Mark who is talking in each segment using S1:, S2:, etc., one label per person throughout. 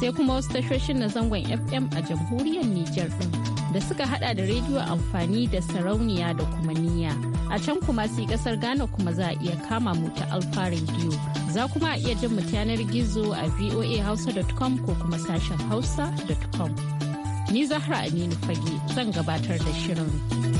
S1: sai kuma wasu tashoshin na zangon FM a jamhuriyar Nijar ɗin da suka hada da rediyo amfani da sarauniya da kuma niyya. A can kuma sai kasar Ghana kuma za a iya kama mu ta Alfa Radio. Za kuma a iya jin mu yanar gizo a voahausa.com ko kuma sashen hausa.com. Ni Zahra Aminu Fage zan gabatar da shirin.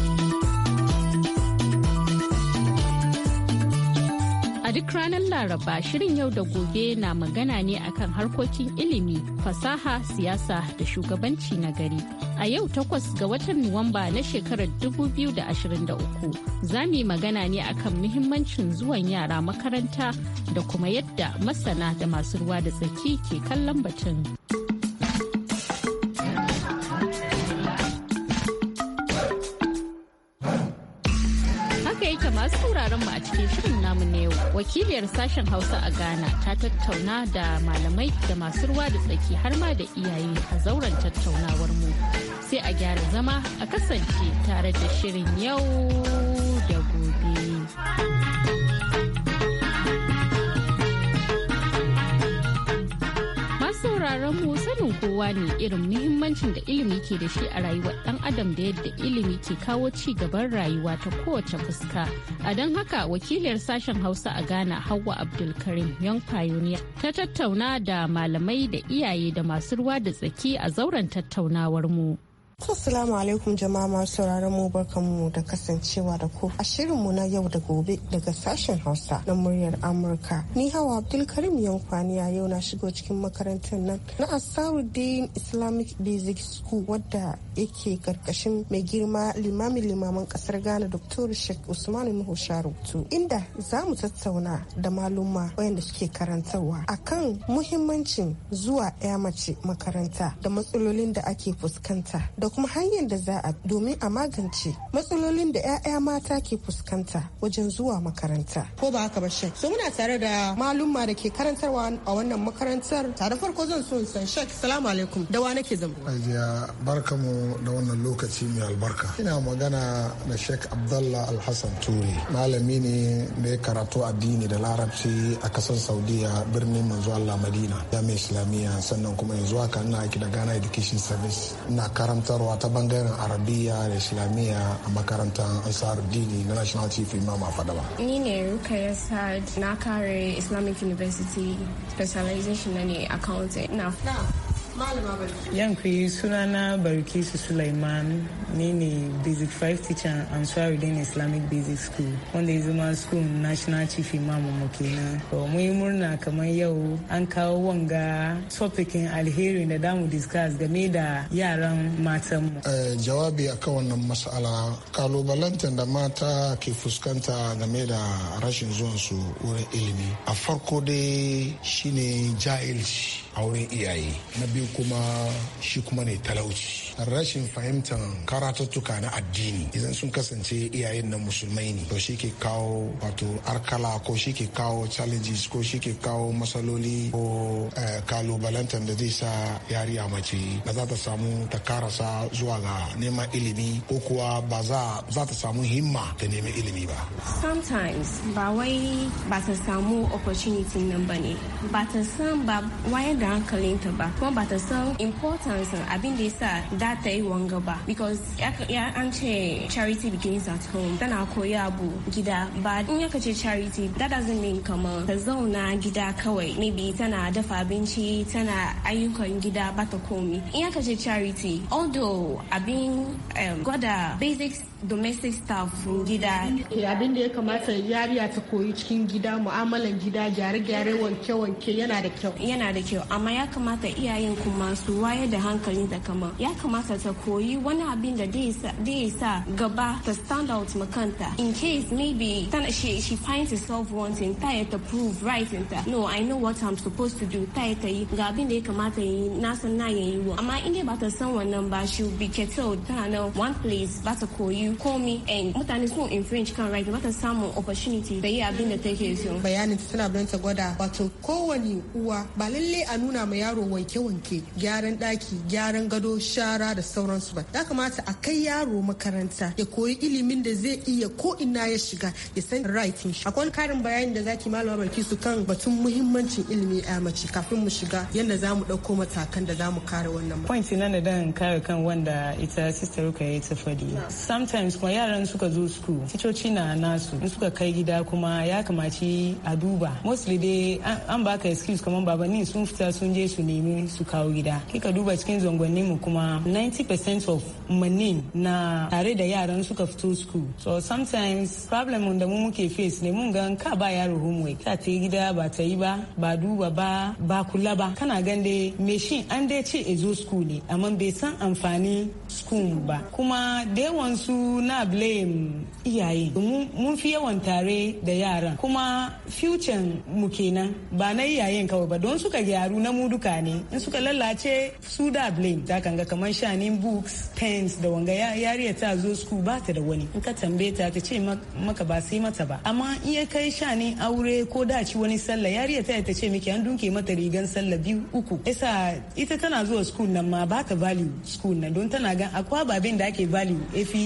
S1: duk ranar Laraba shirin yau da gobe na magana ne akan harkokin ilimi, fasaha, siyasa da shugabanci na gari. A yau takwas ga watan Nuwamba na shekarar 2023 za mu yi magana ne akan muhimmancin zuwan yara makaranta da kuma yadda masana da masu ruwa da tsaki ke kallon batun. wakiliyar sashen hausa a ghana ta tattauna da malamai da masu ruwa da tsaki har ma da iyaye a zauren tattaunawar mu sai a gyara zama a kasance tare da shirin yau da gobe. sauraron mu sanin kowa ne irin muhimmancin da ilimi ke da shi a rayuwar dan adam da yadda ilimi ke kawo ci gaban rayuwa ta kowace fuska. A don haka wakiliyar sashen Hausa a Ghana hawa Abdulkarim Young Pioneer ta tattauna da malamai da iyaye da masu ruwa da tsaki a zauren tattaunawar mu.
S2: Assalamu alaikum jama'a masu sauraron mu barkanmu da kasancewa da ku a shirin mu na yau da gobe daga sashen Hausa na muryar Amurka. Ni hawa Abdulkarim Yankwaniya yau na shigo cikin makarantar nan na Asaruddin Islamic Basic School wadda yake karkashin mai girma limamin limaman kasar Ghana Dr. Sheikh Usman Nuhu Sharutu inda za mu tattauna da maluma wayanda suke karantarwa akan muhimmancin zuwa ya mace makaranta da matsalolin da ake fuskanta da da kuma hanyar da za a domin a magance matsalolin da 'ya'ya mata ke fuskanta wajen zuwa makaranta ko ba haka ba shek so muna tare da malumma da ke karantarwa a wannan makarantar tare farko zan so san shek salamu alaikum da wa nake zama
S3: ajiya barkamu da wannan lokaci mai albarka ina magana da shek abdallah alhassan ture malami ne da ya karatu addini da larabci a kasar saudiya birnin manzo allah madina jami'a islamiyya sannan kuma yanzu haka ina aiki da ghana education service na karanta karantarwa ta bangaren arabiya da islamiyya a makarantar ansar dini na national chief imam a fadama
S4: ni ne rukaya sad na kare islamic university specialization na ne accounting na
S3: Yankuyi
S5: sunana Barkisu Sulaiman ne ne Basic 5 teacher Ansarudin Islamic Basic School wanda ya zama school National Chief Imam mu kenan. To mu yi murna kamar yau an kawo wanga topikin alheri da damu discuss game da
S3: yaran matan mu. Eh, jawabi akan wannan mas'ala kalubalantar da mata ke fuskanta game da rashin zuwan su wurin ilimi. A farko dai shine jahilci. auren iyaye na biyu kuma shi kuma ne talauci rashin fahimtar karatattuka na addini idan sun kasance iyayen na musulmai ne to shi ke kawo wato arkala ko shi ke kawo challenges ko shi ke kawo matsaloli ko eh, kalubalantar da zai sa yariya mace ba za ta samu ta karasa zuwa ga neman ilimi ko kuwa ba za ta samu himma ta neman ilimi ba.
S4: Sometimes ba wai ba ta samu opportunity nan ba ne ba ta san ba wayar da hankalinta ba kuma ba ta san importance abin da ya sa za ta yi wanga ba because ya an ce charity begins at home tana koya abu gida ba in ya ce charity that doesn't mean kama ta zauna gida kawai maybe tana dafa abinci tana ayyukan gida ba ta komi in ya ce charity although abin um, gwada basics domestic staff gida. Eh, abin da ya kamata yariya ta koyi cikin gida mu'amalan gida gyare-gyare wanke-wanke yana da kyau. Yana da kyau amma ya kamata iyayen kuma su waye da hankali da kama. Ya kamata ta koyi wani abin da zai sa gaba ta stand out makanta. In case maybe she, she finds herself wanting ta ya ta prove right in ta. No, I know what I'm supposed to do. Ta ya ta yi ga abin da ya kamata yi na san na yayi wa. Amma in ba ta san wannan ba she will be kettled tana na one place ba ta koyi komi mutane sun infringe kan right ba ta samu opportunity da yi abin da take so
S2: bayanin tana don ta gwada wato kowane uwa ba lalle a nuna ma yaro wanke-wanke gyaran daki gyaran gado shara da sauransu ba ya kamata a kai yaro makaranta ya koyi ilimin da zai iya ko ina ya shiga ya san right shi akwai karin bayanin da zaki malama barki su kan batun muhimmancin ilimi
S5: a mace kafin mu shiga yadda za
S2: mu ɗauko matakan da za mu kare wannan
S5: point na da dan kare kan wanda ita sister ruka ya ta fadi sometimes kuma yaran suka zo school ticoci na nasu in suka kai gida kuma ya kamaci a duba mostly dai an baka excuse kamar babanni sun fita sun je su nemi su kawo gida kika duba cikin zangonni mu kuma 90% of manin na tare da yaran suka fito school so sometimes problem da mu muke face ne mun gan ka ba yaro homework ta ta gida ba ta yi ba ba duba ba ba kula ba kana gan dai machine an dai ce ezo school ne amma bai san amfani school ba kuma dai yawan na blame iyaye mun fi yawan tare da yaran kuma fucin mu kenan ba na iyayen kawai ba don suka gyaru na mu duka ne in suka lalace su da blame ta kanga kamar shanin books pens da wanga yariya ta zo school ba ta da wani in ka tambaye ta ta ce maka ba sai mata ba amma in ya kai shanin aure ko daci wani sallah yariya ta ta ce miki an dunke mata rigan sallah biyu uku yasa ita tana zuwa school nan ma ba ta value school nan don tana gan akwai babin da ake value efi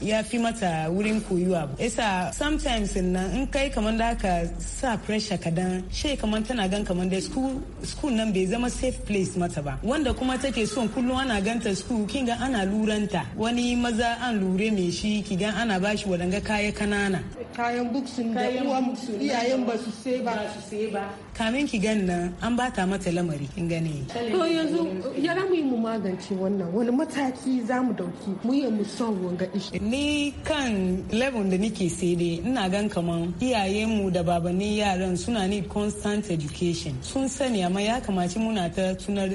S5: ya fi mata wurin koyuwa abu isa sometimes nan in kai kamar da aka sa pressure kadan she kamar tana gan kamar da school school nan bai zama safe place mata ba wanda kuma take son kullum ana ganta school kinga ana luranta wani maza an lure mai shi ki ana bashi wadanga kaya kanana
S2: kayan buksun da uwan iyayen ba su sai ba su ba.
S5: kamin ki gan nan an bata mata lamari kin gane to
S2: yanzu ya mu magance wannan wani mataki za mu dauki mu yi mu son wanga
S5: ishi. Ni kan level da nike sai dai ina gan kaman iyayenmu da babanin yaran suna ni constant education. Sun sani amma ya kamaci muna ta tunar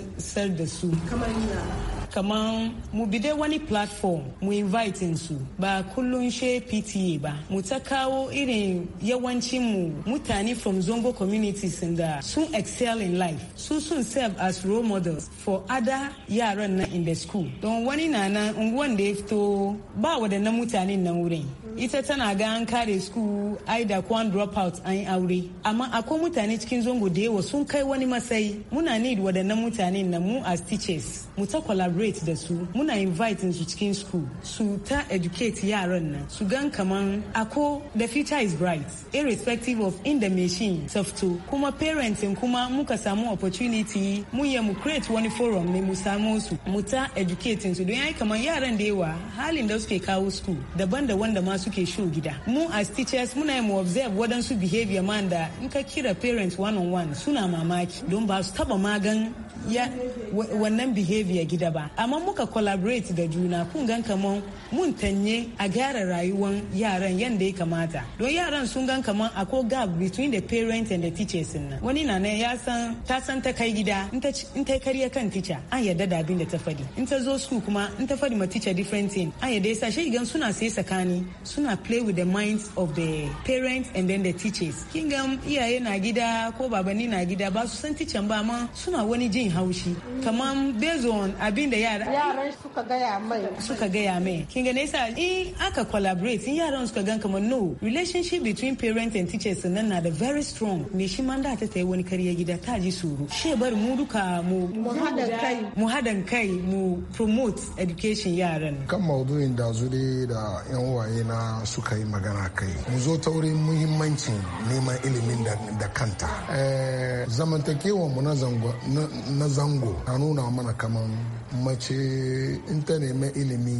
S5: da su. Kamar kaman mu bi wani platform mu invite su ba kullun she PTA ba mu ta kawo irin yawancin mu mutane from zongo communities da sun excel in life su sun serve as role models for other yaran na in the school don wani nana unguwan da ya fito ba wadannan mutanen na wurin ita tana ga an kare school aida ko drop out an yi aure amma akwai mutane cikin zongo da yawa sun kai wani masai muna need wadannan mutanen na mu as teachers mu ta collaborate collaborate da su muna invite su cikin school su ta educate yaran nan su gan kaman ako the future is bright irrespective of inda machine safto kuma parenting kuma muka samu opportunity mu ya mu create wani forum ne mu samu su mu ta educating su don yayi kaman yaran da yawa halin da suke kawo school daban da wanda ma suke show gida mu as teachers muna yi mu observe wadansu behavior man da in ka kira parents one on one suna mamaki don ba su taba magan wannan behavior gida ba amma muka collaborate da juna kun gan kaman mun tanye a gyara rayuwar yaran yadda ya kamata don yaran sun gan kaman ako gap between the parent and the teachers nan wani na ya san ta san ta kai gida in ta karya kan teacher an yarda da abin da ta fadi in ta zo school kuma in ta fadi ma teacher different thing an yarda yasa shi gan suna sai sakani suna play with the minds of the parents and then the teachers kin gan iyaye na gida ko babanni na gida ba su san teacher ba amma suna wani jin haushi kamar bezo abin da yara yaran
S2: suka gaya mai suka
S5: gaya mai kin ga nesa in aka collaborate in yaran suka gan kamar no relationship between parents and teachers nan na da very strong me shi man da ta tayi wani kariya gida ta ji suru she bar mu duka mu mu hadan kai mu
S3: promote education yaran kan maudu'in da zuri da yan waye na suka yi magana kai mu zo ta wurin muhimmancin neman ilimin da kanta eh, zamantakewa mu na na zango na nuna mana kaman mace in ta neman ilimi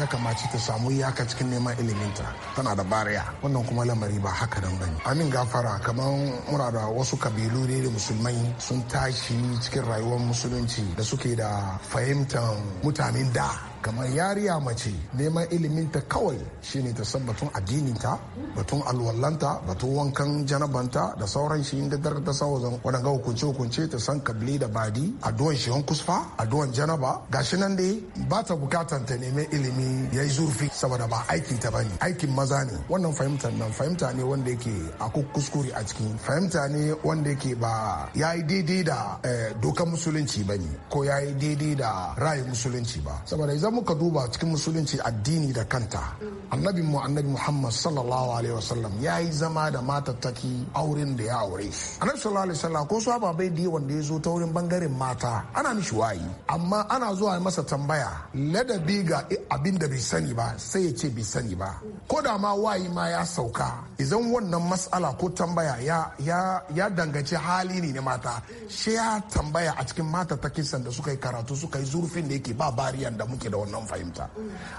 S3: ya kamaci ta samu iyaka cikin neman iliminta tana da bariya wannan kuma lamari ba haka nan bane amin gafara kaman muna da wasu kabilu ne da musulmai sun tashi cikin rayuwar musulunci da suke da fahimtar mutanen da kamar yariya mace neman iliminta kawai shine ta san batun addininta batun alwallanta batun wankan janabanta da sauran shi inda dare ta sauran wadanga hukunce hukunce ta san kabli da badi addu'an shiyon kusfa addu'an janaba gashi nan dai ba ta bukatan ta neman ilimi yayi zurfi saboda ba aiki ta bane aikin maza ne wannan fahimtar nan fahimta ne wanda yake a kuskure a cikin fahimta ne wanda yake ba yayi daidai da eh, dokan musulunci bane ko yayi daidai da ra'ayin musulunci ba saboda idan muka duba cikin musulunci addini da kanta annabi mu annabi muhammad sallallahu alaihi wasallam ya yi zama da matattaki auren da ya aure annabi sallallahu alaihi wasallam ko saba bai da wanda ya zo ta wurin bangaren mata ana mishi wayi amma ana zuwa masa tambaya ladabi ga abin da bai sani ba sai ya ce bai sani ba ko da ma wayi ma ya sauka idan wannan matsala ko tambaya ya ya ya danganci hali ne na mata shi ya tambaya a cikin matattakin da suka yi karatu suka yi zurfin da yake ba bariyan da muke da wannan fahimta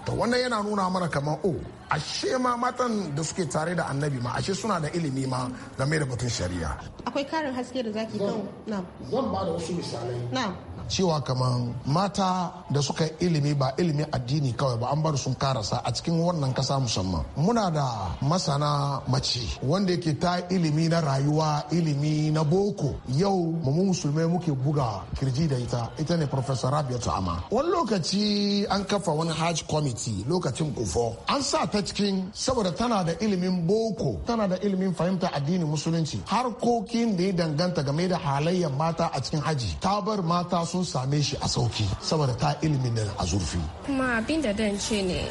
S3: to wannan yana nuna mana kamar o oh, ashe ma matan da suke tare da annabi ma ashe suna da ilimi ma game da batun shari'a
S2: akwai karin haske da zaki kan zan ba da wasu misalai
S3: cewa kamar mata da suka ilimi ba ilimi addini kawai ba an bar sun karasa a cikin wannan kasa musamman muna da masana mace wanda yake ta ilimi na rayuwa ilimi na boko yau mu musulmai muke buga kirji da ita ita ne professor rabia ta'ama wani lokaci an kafa wani hajj committee lokacin kufo an sa ta cikin saboda tana da ilimin boko tana da ilimin fahimta addinin musulunci harkokin da ya danganta game da halayyar mata a cikin haji ta bar mata sun same shi a sauki saboda ta ilimin da a zurfi
S4: kuma abin da dan ce ne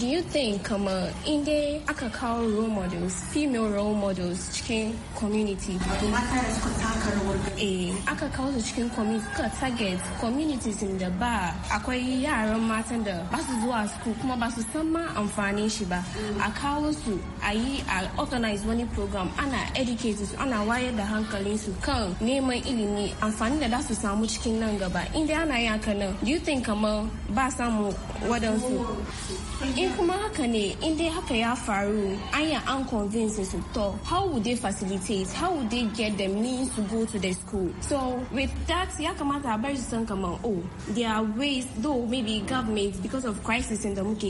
S4: do you think kama um, uh, in dai aka kawo role models female role models cikin community mata da suka taka rawar eh aka kawo su cikin community suka target communities in da ba akwai yaran matan da ba su zuwa school kuma ba su san ma amfanin shi ba a kawo su a yi a organize wani program ana educate su ana wayar da hankalin su kan neman ilimi amfani da za su samu cikin nan gaba in dai ana yi haka nan do you think kama um, uh, ba samu wadansu in kuma haka ne in dai haka ya faru anya an convince su to how would they facilitate how would they get the means to go to the school so with that ya kamata a bar su san kaman oh there are ways though maybe government because of crisis in the muke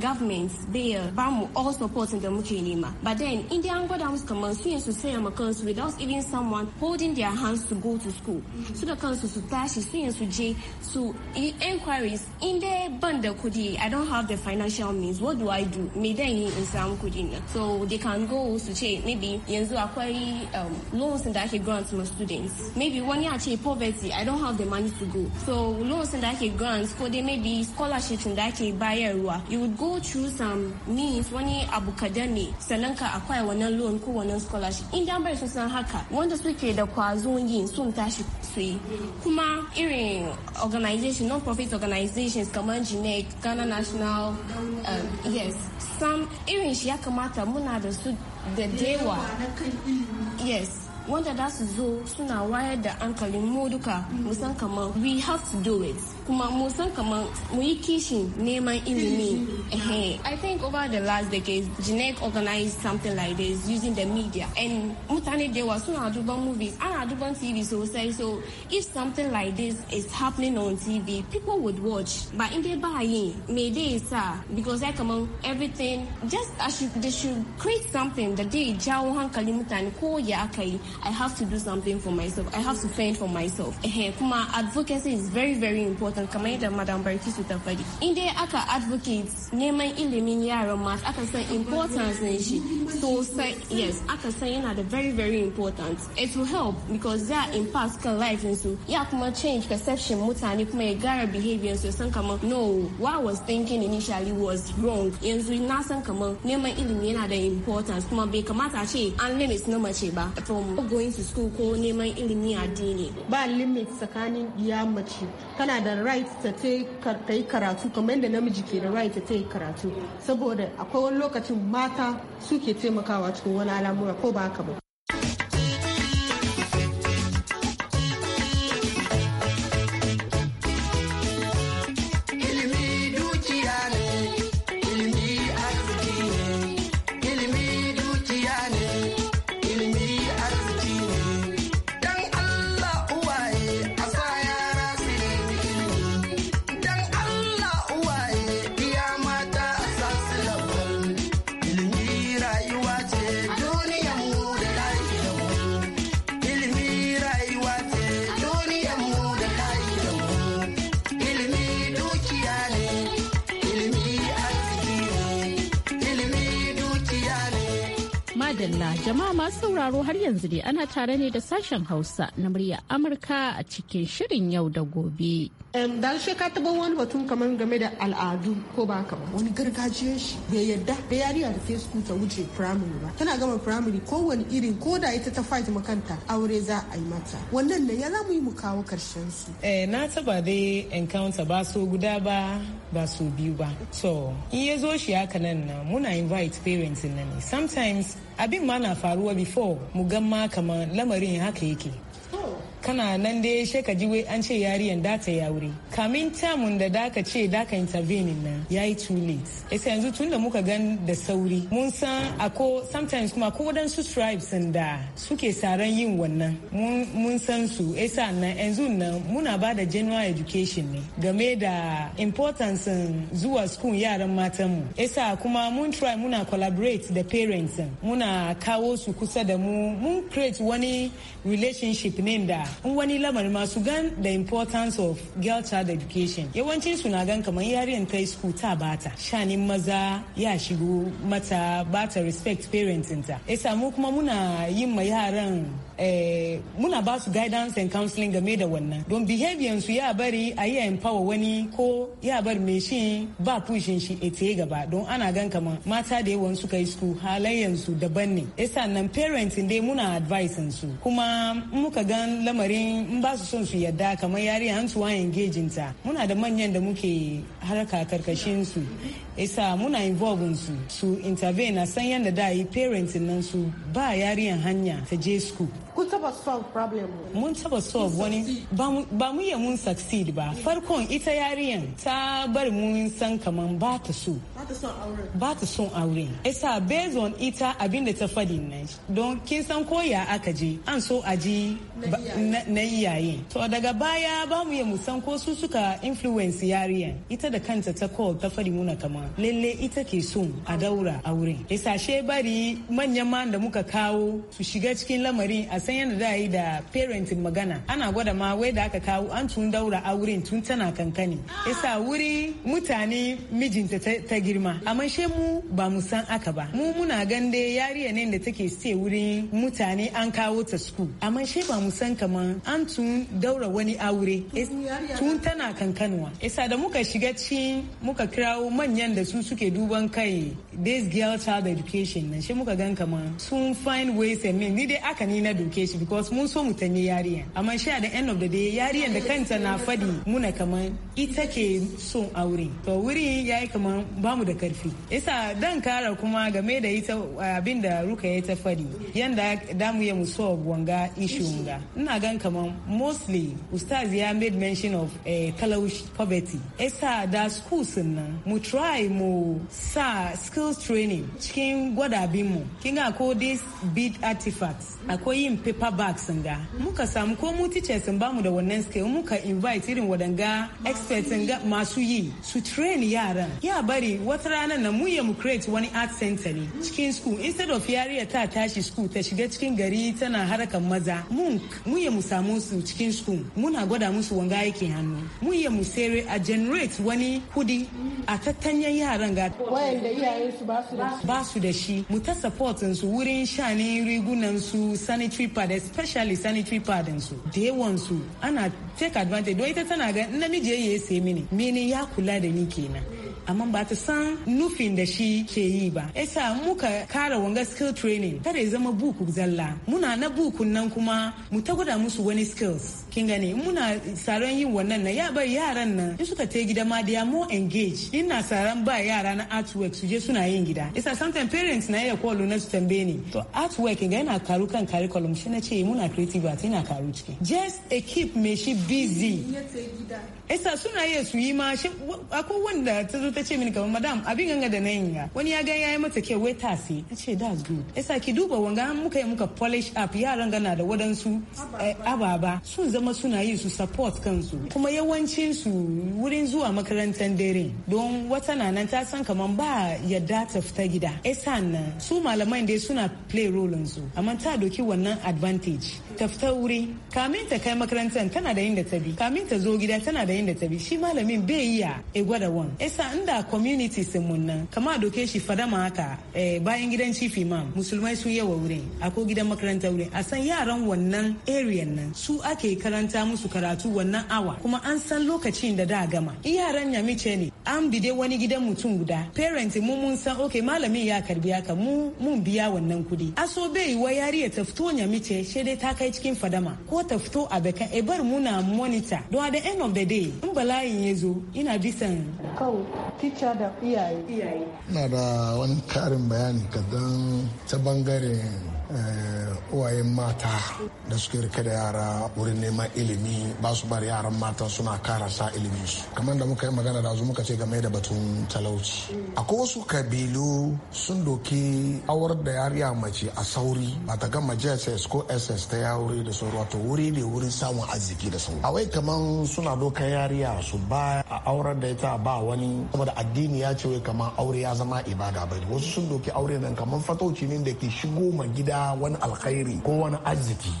S4: governments government bai ba mu all support the muke but then in dai an gwada musu kaman su yin su saya ma kansu without even someone holding their hands to go to school mm-hmm. su da kansu su tashi su yin su je su inquiries in dai ban da kudi i don't have the financial companies what do I do me dan yi in samu kuɗi na so they can go su ce maybe yanzu akwai um, loans da ake grant ma students maybe wani ya ce poverty I don't have the money to go so loans da ake grant ko dai maybe scholarship da ake bayarwa you would go through some means wani abu kadan ne sannan ka akwai wannan loan ko wannan scholarship in dan bai sun san haka wanda suke da kwazon yin sun tashi su yi kuma irin organization non-profit organizations kamar GNEC Ghana National Um, yes sam irin shi ya kamata muna da su da dewa yes wanda da su zo suna wayar da hankalin mu duka mu kamar we have to do it kuma mu kamar mu yi kishin neman ilimi i think over the last decade Genetic organized something like this using the media and mutane da yawa suna duban movies ana duban tv sosai so if something like this is happening on tv people would watch but in dai ba yi me dai sa because like among everything just as you, they should create something da dai jawo hankalin mutane ko ya aka yi I have to do something for myself. I have to fend for myself. Kuma advocacy is very very important kamar yadda Madam Barkisu ta faɗi. In dai aka advocate neman ilimin yaran ma aka san importance ne shi sosai yes aka san yana da very very important. It will help because za impact kan life su ya kuma change perception mutane kuma ya gara behavior su san kamar no what I was thinking initially was wrong. Yanzu na san kamar neman ilimi yana da importance kuma bai kamata a ce an limit na mace ba. From going to school ko neman ilimi addini ba limit tsakanin iya mace kana da right ta ta
S2: yi karatu kamar yadda namiji ke da right ta ta yi karatu saboda akwai wani lokacin mata suke taimakawa cikin wani al'amura ko ba haka ba
S1: jama'a masu sauraro har yanzu ne ana tare ne da sashen Hausa na murya Amurka a cikin shirin yau da gobe. da shi ka taba wani batun kamar game da al'adu ko ba ka ba wani gargajiya shi bai yarda da yariya da Facebook ta
S2: wuce primary ba. Tana gama primary kowane irin ko da ita ta fight makanta aure za a yi mata.
S5: Wannan ne ya za mu yi mu kawo karshen su. Eh, na taba dai encounter ba so guda ba ba su biyu ba so in ya zo shi haka nan na muna invite parents na ne sometimes abin ma na faruwa before mu gan ma kamar lamarin haka yake oh. kana nan dai she ka ji wai an ce yariyan da ta yaure kamin tamun da da ka ce da ka intervening na yayi too late sai yanzu tun da muka gan da sauri mun san ako sometimes kuma ko wadansu tribes da suke saran yin wannan mun san su yasa nan yanzu nan muna ba da general education ne game da importance zuwa school yaran matan mu sa kuma mun try muna collaborate da parents muna kawo su kusa da mu mun create wani relationship ne da in wani lamar masu gan the importance of girl child education yawancin su na gan kamar yariyan ta school ta bata shanin maza ya shigo mata bata respect parents ta ya samu kuma muna yin ma yaran Eh, muna ba su guidance and counseling game da wannan don behavior su ya bari a yi empower wani ko ya bar mai shi ba pushin shi ete gaba don ana gan kama mata da yawan suka yi su halayen su daban ne yasa nan parents dai muna advice su kuma muka gan lamarin in ba su son su yadda kamar yari an su wayan gejin ta muna da manyan da muke haraka karkashin su yasa muna involve su su intervene a san yadda da yi parents nan su ba yariyan hanya ta je school taba solve problem mu mun taba solve wani ba mu ya mun succeed ba farkon ita yariyan ta bar mun san kaman ba ta so ba ta son aure isa based on ita abinda ta fadi nan don kin san koya aka je an so a ji na iyaye to daga baya ba mu ya musan ko su suka influence yariyan ita da kanta ta ko ta fari muna kama lalle ita ke so a daura a wurin Isa isashe bari manyan ma da muka kawo su shiga cikin lamarin a san yadda da yi da parenting magana ana gwada ma wai da aka kawo an tun daura a wurin tun tana kankani isa wuri mutane mijinta ta girma amma she mu ba mu san aka ba mu muna gande yariya ne da take stay wurin mutane an kawo ta school amma she ba san kaman an tun daura wani aure tun tana kankanwa isa da muka shiga cikin muka kirawo manyan da su suke duban kai base girl child education nan shi muka gan kaman sun find ways and means ni dai aka ni na doke shi because mun so mu yariya amma shi a da end of the day yariyan da kanta na fadi muna kaman ita ke son aure to wuri yayi kaman bamu da karfi isa dan kara kuma game da ita abin da ruka ya ta fadi yanda damu ya musu gwanga wanga ishu ina gan kaman mostly ustaz ya made mention of a kalaush eh, poverty esa da schools nan mu try mu sa skills training cikin gwadabin mu kinga ko this bead artifacts akwai yin paper bags ga muka samu ko mu teachers ba mu da wannan skill muka invite irin wadanga experts ga masu yi su train yaran ya bari wata ranar na mu mu create wani art center ne cikin school instead of yariya ta tashi school ta shiga cikin gari tana harakan maza mun mun yi mu samu su cikin school muna gwada musu wanga yake hannu mun yi mu sere a generate wani kudi a tattanyen yaran ga wayanda iyayen su ba su da shi mu ta support su wurin shani rigunan su sanitary pad especially sanitary pad su da yawan su ana take advantage don ita tana ga namiji ya yi mini mini ya kula da ni kenan amma ba ta san nufin da shi ke yi ba Esa muka kara wanga skill training kada zama buku zalla muna na bukun nan kuma mu ta gwada musu wani skills kin gane muna saron yin wannan na ya bai yaran nan in suka ta gida ma dia mo engage ina saron ba yara na artwork su je suna yin gida isa sometimes parents na iya call na su tambaye ni to artwork ga yana karu kan curriculum shi na ce eh, muna creative art yana karu ciki just a keep me she busy isa suna iya su yi ma shi akwai wanda ta zo ta ce mini kamar madam abin ganga da nan ya wani ya ga yi mata ke wai tasi ta ce that's good isa ki duba wanga muka yi muka polish up yaran gana da wadansu eh, ababa sun zama zama suna yi su support kansu kuma yawancin su wurin zuwa makarantar dare don wata na nan ta san kaman ba yadda ta fita gida e na su malamai dai suna play role su amma ta doki wannan advantage ta fita wuri kamin ta kai makarantar tana da inda ta bi kamin ta zo gida tana da inda ta bi shi malamin bai ya e gwada wan e esa inda community sun mun nan kama doke shi fadama haka e, bayan gidan chief imam musulmai sun yawa wurin ko gidan makarantar wurin a san yaran wannan area nan su ake kara karanta musu karatu wannan awa kuma an san lokacin da da gama in yaran ya mice ne an bide wani gidan mutum guda parent mu mun san okay malamin ya karbi haka mu mun biya wannan kudi aso bai wa yariya ta fito ya mice she dai ta kai cikin fadama ko ta fito a baka e bar muna monitor don at the end of the day in balayin ya zo ina bisan kawai
S2: teacher da iyaye iyaye
S3: na da wani karin bayani kadan ta bangaren eh, uwayen mata da suke rike da yara wurin neman ilimi ba su bari yaran mata suna karasa ilimi su kamar da muka yi magana da muka ce game da batun talauci akwai wasu kabilu sun doki awar da yariya mace a sauri ba ta gama jss ko ss ta yawuri da sauri wato wuri ne wurin samun arziki da sauri. awai kamar suna doka yariya su ba a aurar da ita ba wani saboda addini ya ce wai kamar aure ya zama ibada ba wasu sun doki aure nan kamar fatauci ne da ke shigo ma gida wani alkhairi ko wani arziki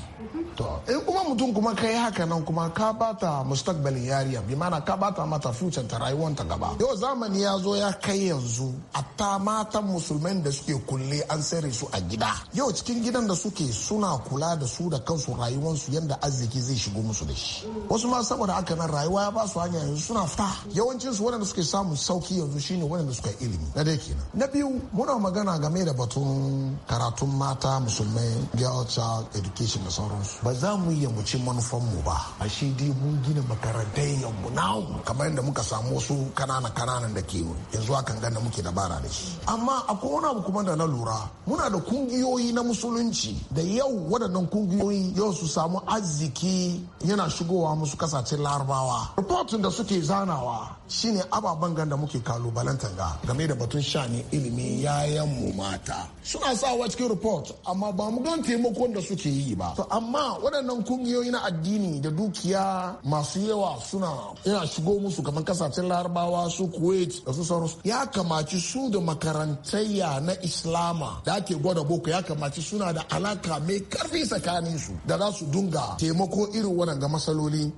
S3: to eh kuma mutum kuma ka yi haka nan kuma ka bata mustakbalin yariya bi mana ka bata mata fucin ta rayuwar ta gaba yau zamani ya zo ya kai yanzu a ta matan musulmai da suke kulle an sare su a gida yau cikin gidan da suke suna kula da su da kansu rayuwarsu yadda arziki zai shigo musu da shi wasu ma saboda haka nan rayuwa ya ba su hanya yanzu suna fita yawancin su waɗanda suke samu sauki yanzu shine wanda suka ilimi na dai kenan na biyu muna magana game da batun karatun mata musulmai girl child education da sauransu ba za mu iya mu ci mu ba a shi dai mun gina makarantai yanmu namu kamar yadda muka samu wasu kanana kananan da ke yanzu akan ganda muke dabara da shi amma akwai wani abu kuma da na lura muna da kungiyoyi na musulunci da yau waɗannan kungiyoyi yau su samu arziki yana shigowa musu kasashen larabawa rahoton da suke zanawa shine ababen ganda da muke kalubalantar ga game da batun sha ne ilimi yayan mu mata suna sawa cikin report amma ba mu gan taimakon da suke yi ba to amma waɗannan kungiyoyi na addini da dukiya masu yawa suna yana shigo musu kamar kasashen larabawa su kuwait da su ya kamaci su da makarantayya na islama da ake gwada boko ya kamaci suna da alaka mai karfi tsakanin su da za su dunga taimako irin wannan ga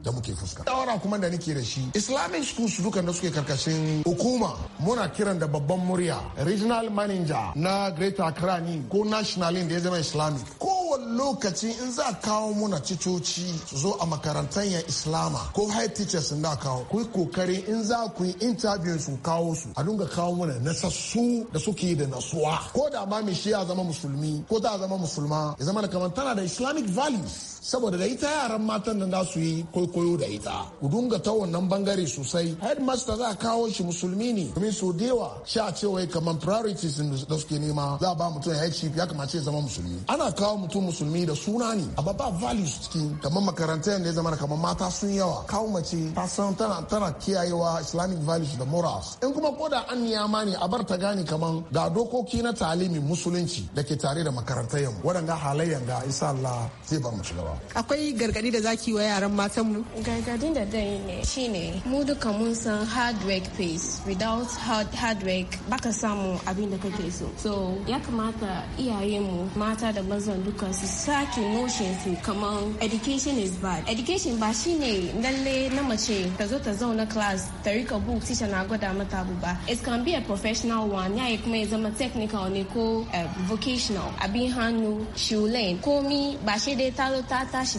S3: da muke fuska dawara kuma da nake da shi islamic schools duka dukkan da suke karkashin hukuma muna kiran da babban murya regional manager na greater ne ko national da ya zama islamic kowane lokaci in za kawo muna cicoci su zo a makarantar yan islama ko high teachers na kawo ku kokari in za ku yi interview su kawo su a dunga kawo muna nasassu da suke da nasuwa ko da ma mai shi ya zama musulmi ko ta zama musulma ya zama da kamar tana da islamic values saboda da ita yaran matan da za su yi kwaikwayo da ita ku dunga ta wannan bangare sosai headmaster za a kawo shi musulmi ne domin so dewa sha cewa kamar priorities da suke nema za a ba mutum head chief ya kamace zama musulmi ana kawo mutum musulmi da suna ne a ba values cikin kamar makarantar ne zama kamar mata sun yawa kawo mace ta san tana tana kiyayewa islamic values da morals in kuma koda an niyama ne a bar ta gane kamar ga dokoki na talimin musulunci da ke tare da makarantar yamma waɗanda halayen ga isa Allah zai bar mu akwai gargadi da
S4: zaki wa yaran matan mu gargadin da dai ne shine mu duka mun san hard work pays without hard, hard work baka samu abin da kake so so ya kamata iyayen mu mata da mazan duka su sake notion su kaman education is bad education ba shine lalle na mace ta zo ta zauna class ta rika book tisha na gwada mata abu ba it can be a professional one ya kuma ya zama technical ne ko eh, vocational abin hannu shule komi ba shi dai ta ta tashi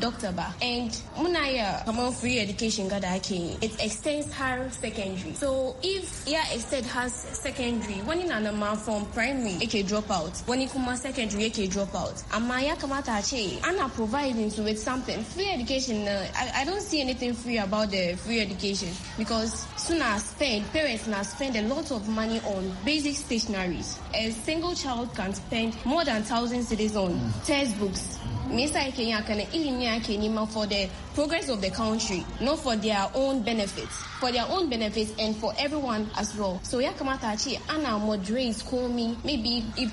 S4: doctor ba and Munaya ya free education ga it extends her secondary so if ya extend has secondary wani in nan ma from primary can drop out wani kuma secondary can drop out Amaya ya kamata a ce ana providing to with something free education uh, I, I don't see anything free about the free education because soon as spend parents now spend a lot of money on basic stationaries a single child can spend more than thousand cities on mm. textbooks Mr. yasa yake yin haka for the progress of the country not for their own benefits for their own benefits and for everyone as well so ya kamata a ce ana moderate komi maybe if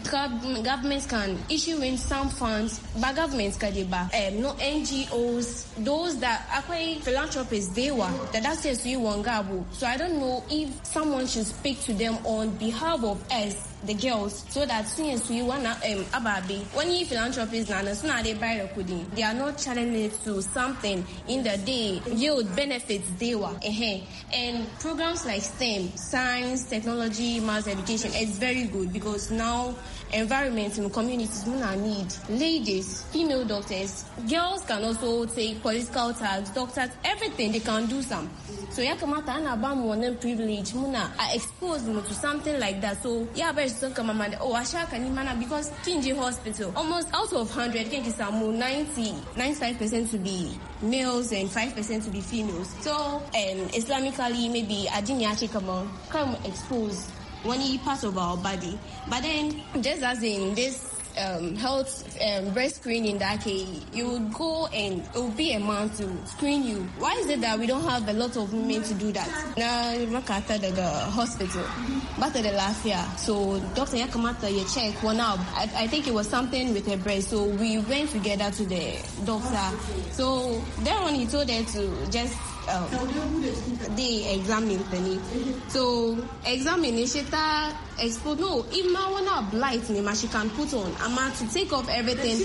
S4: governments can issue in some funds but governments kaje ba um, no ngos those that akwai philanthropists they da da su yi wanga abu so i don't know if someone should speak to them on behalf of us the girls so that soon as we want um baby. when you philanthropists now soon they buy the kudi they are not challenged to something in the day yield benefits they were uh-huh. and programs like STEM science technology mass education it's very good because now environment in communities we need ladies female doctors girls can also take political tax doctors everything they can do some so ya kamata ana ba mu wannan privilege muna I expose mu to something like that so ya bar shi sun kama mana oh asha ka ni mana because kin je hospital almost out of 100 kin ki samu 90 95% to be males and 5% to be females so um, islamically maybe addini ya ce kamar come expose he part of our body but then just as in this um, health um, breast screening that ake you would go and it would be a man to screen you why is it that we don't have a lot of women to do that Now went makata the hospital the last year, so doctor Yakamata, kamata check one out. I, I think it was something with her breast so we went together to the doctor so then when he told her to just Oh. the examine ne so examine ne ṣe no if I wanna blight ni ma she can put on I ama to take off everything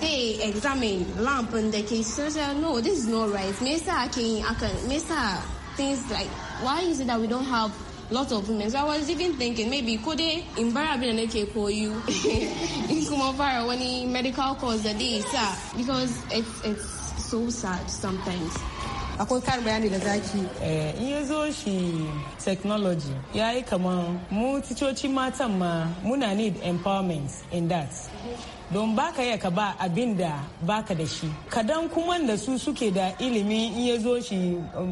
S4: they examine lamp and the case so say no this is not right mr akin can mr things like why is it that we don't have lots of women. So I was even thinking maybe could they embarrass me and for you in Kumafara when the medical calls the day, sir? Because it's it's suicide sometimes. akwai karin bayani da zaki
S5: eh, in ya zo shi technology ya yi kama mu ticoci matan ma muna need empowerment in that don baka ya ka ba abin da baka da shi kadan kuma da su suke da ilimi in ya zo shi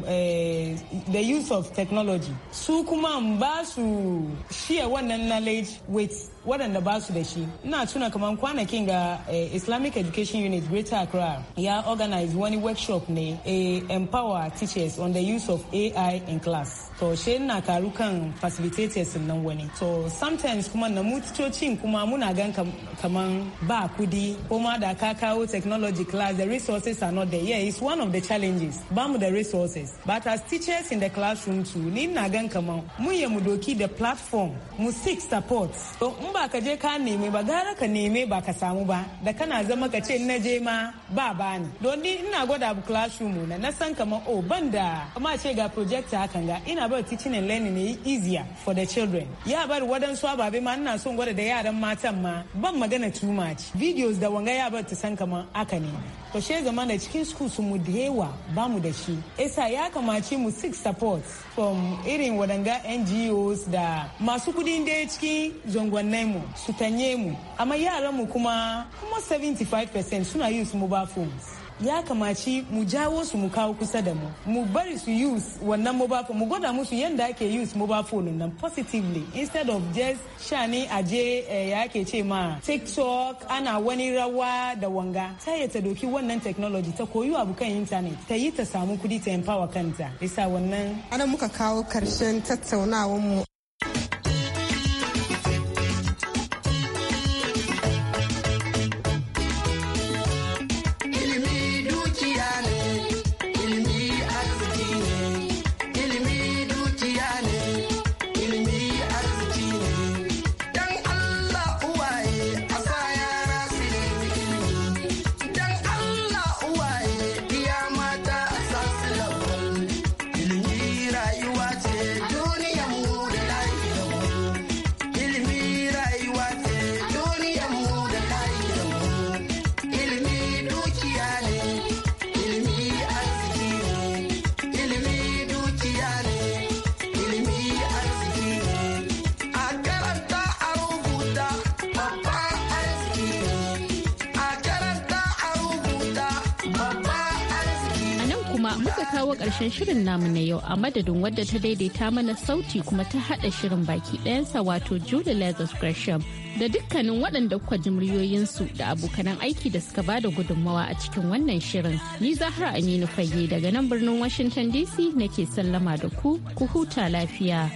S5: eh, the use of technology su kuma ba su share wannan knowledge with waɗanda ba su da shi ina tuna kamar kwanakin ga eh, islamic education unit greater accra ya organize wani workshop ne a eh, empower teachers on the use of ai in class to she na karu kan facilitators nan wani to sometimes kuma na mu kuma muna gan kaman ba kudi kuma da ka kawo technology class the resources are not there yeah it's one of the challenges ba mu da resources but as teachers in the classroom too ni na gan kaman mu ya mu doki the platform mu seek support ba ka je ka neme ba gara ka neme ba ka samu ba da kana zama ka ce na je ma ba bani don ni ina gwada bu classroom na na san kamar oh ban da amma ce ga projector hakan ga ina bar teaching and learning ne easier for the children ya bar wadansu ababe ma ina son gwada da yaran matan ma ban magana too much videos da wanga ya bar ta san kamar haka ne to zama da cikin school su mu da yawa ba mu da shi esa ya kamaci mu six support from irin wadanga ngos da masu kudin daya cikin zangonnin mu su tanye mu amma yaran mu kuma kuma 75% suna use mobile phones ya kamaci mu jawo su mu kawo kusa da mu mu bari su use wannan mobile phone mu gwada musu yadda ake use mobile phone nan positively instead of just shani aje eh, ya ke ce ma tiktok ana wani rawa da wanga ta yi ta doki wannan technology ta koyi abu kan internet ta yi ta samu kudi ta empower kanta bisa wannan
S2: ana muka kawo karshen tattaunawar mu
S1: kawo ƙarshen shirin namu na yau a madadin wadda ta daidaita mana sauti kuma ta haɗa shirin baki ɗayansa wato Julie Lazarus Gresham da dukkanin waɗanda kuka ji muryoyinsu da abokanan aiki da suka bada gudummawa a cikin wannan shirin. Ni Zahra Aminu Fage daga nan birnin Washington DC nake sallama da ku, ku huta lafiya.